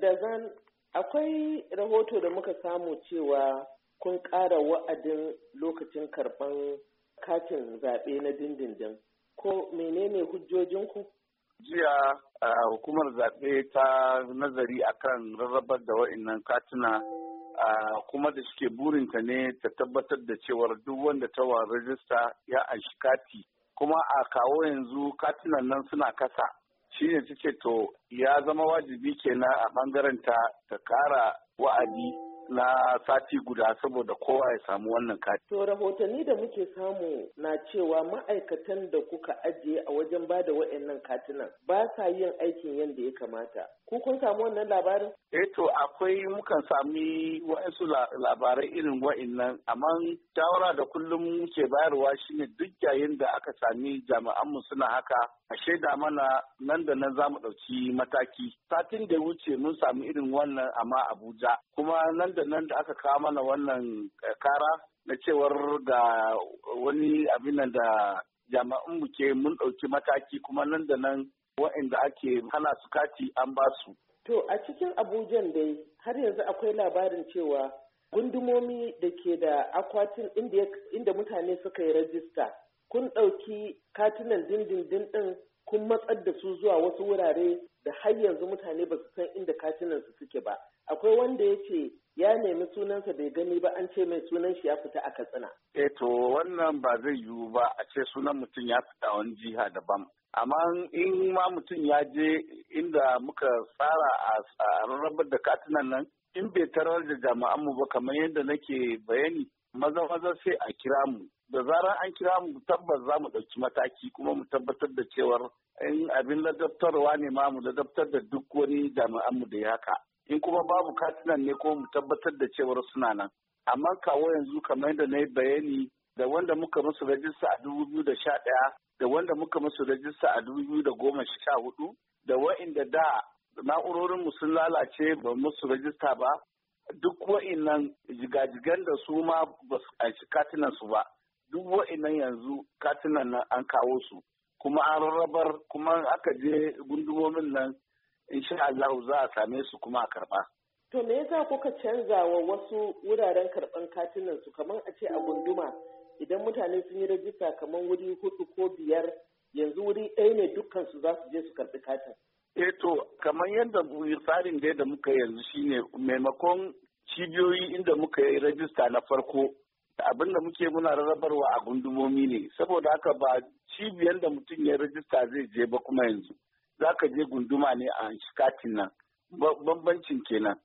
da zan akwai rahoto da muka samu cewa kun ƙara wa'adin lokacin karɓan katin zaɓe na dindindin. Ko menene hujjojinku? Jiya a hukumar zaɓe ta nazari akan rarrabar da wa'innan katina kuma da suke burinta ne ta tabbatar da cewar duk wanda ta wa rajista ya anshi kati kuma a kawo yanzu katinan nan suna kasa shi ta ce to ya zama wajibi kenan a bangaren ta ta kara wa'adi na sati guda saboda kowa ya samu wannan kati. To rahotanni da muke samu na cewa ma'aikatan da kuka ajiye a wajen ba da wa'annan katinan ba sa yin aikin yadda ya kamata. Ku kun samu wannan labarin? Eh to akwai mukan sami wa'ansu labarai irin wa'annan amma shawara da kullum muke bayarwa shine duk yayin da aka sami jami'anmu suna haka a shaida mana nan da nan za mu ɗauki mataki. Satin da wuce mun sami irin wannan amma Abuja kuma nan jaridar nan da aka kawo mana wannan eh, kara na cewar ga wani abin da jama'in mu ke mun ɗauki mataki kuma nan da nan wa'inda ake hana su kati an ba su. To a cikin Abujan dai har yanzu akwai labarin cewa gundumomi da ke da akwatin inda mutane suka yi rajista kun ɗauki katunan dindindin ɗin kun matsar da su zuwa wasu wurare da har yanzu mutane ba su san inda katunan su suke ba. Akwai wanda ya ce ya nemi sunansa bai gani ba an ce mai sunan shi ya fita a katsina. eh to wannan ba zai yiwu ba a ce sunan mutum ya fita wani jiha daban amma in ma mutum ya je inda muka tsara a rarrabar da katunan nan in bai tarar da jama'anmu ba kamar yadda nake bayani maza maza sai a kira mu da zarar an kira mu tabbas za mu ɗauki mataki kuma mu tabbatar da cewar in abin ladabtarwa ne ma mu ladabtar da duk wani jami'an mu da ya haka in kuma babu katinan ne ko mu tabbatar da cewar suna nan amma kawo yanzu kamar yadda na yi bayani da wanda muka musu rajista a dubu biyu da sha ɗaya da wanda muka musu rajista a dubu biyu da goma sha hudu da wa'inda da na'urorinmu sun lalace ba musu rajista ba duk wa'innan jigajigan da su ma ba su aishi katinan su ba duk wa'innan yanzu katinan nan an kawo su kuma an rarrabar kuma aka je gundumomin nan insha Allah za a same su kuma a karɓa. To me yasa kuka canza wa wasu wuraren karban katinan su kamar a ce a gunduma idan mutane sun yi rajista kamar wuri hudu ko biyar yanzu wuri ɗaya ne dukkan su za su je su karɓi katin. Eto, eh, kamar yadda tsarin da muka yanzu shine maimakon cibiyoyi inda muka yi rajista na farko abin da muke muna rarrabarwa a gundumomi ne saboda haka ba cibiyar da mutum ya rajista zai je ba kuma yanzu za ka je gunduma ne a katin nan bambancin kenan